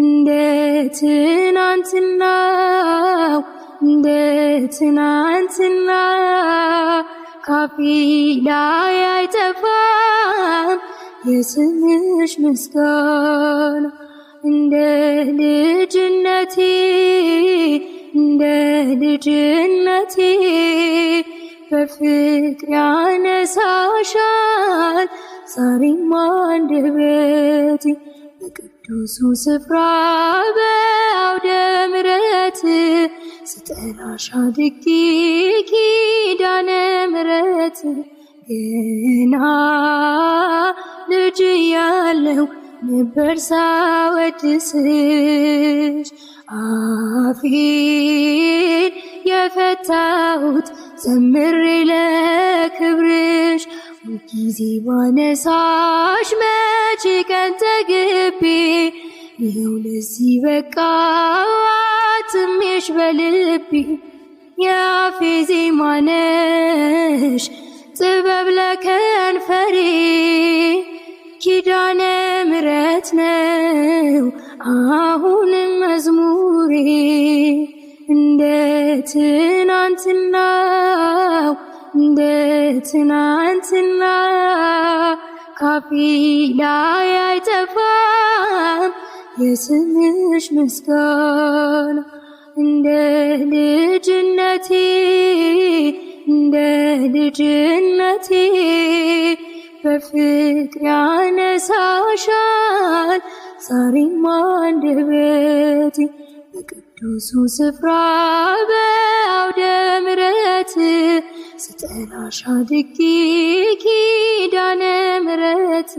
እንደ ትናንትናው እንደ ትናንትና ካፌ ላይ አይጠፋም የስምሽ ምስጋና እንደ ልጅነቴ እንደ ልጅነቴ በፍቅር ያነሳሻል ዛሬም አንደበቴ በቅዱሱ ስፍራ በአውደ ምሕረት ስጠራሽ አድጌ ኪዳነ ምረት ገና ልጅ ያለው ነበር ሳወድስሽ አፌን የፈታሁት ዘምሬ ለ ጊዜ ባነሳሽ መቼ ቀን ተግቤ ይኸው ለዚህ በቃ ትሜሽ በልቤ የአፌ ዜማ ነሽ ጥበብ ለከንፈሬ ኪዳነ ምሕረት ነው አሁንም መዝሙሬ እንደ ትናንትና እንደ ትናንትና ካፌ አይጠፋም የስምሽ ምስጋና እንደ ልጅነቴ እንደ ልጅነቴ በፍቅር ያነሳሻል ዛሬም አንደበቴ በቅዱሱ ስፍራ ራሻ ድቂ ኪዳነ ምሕረት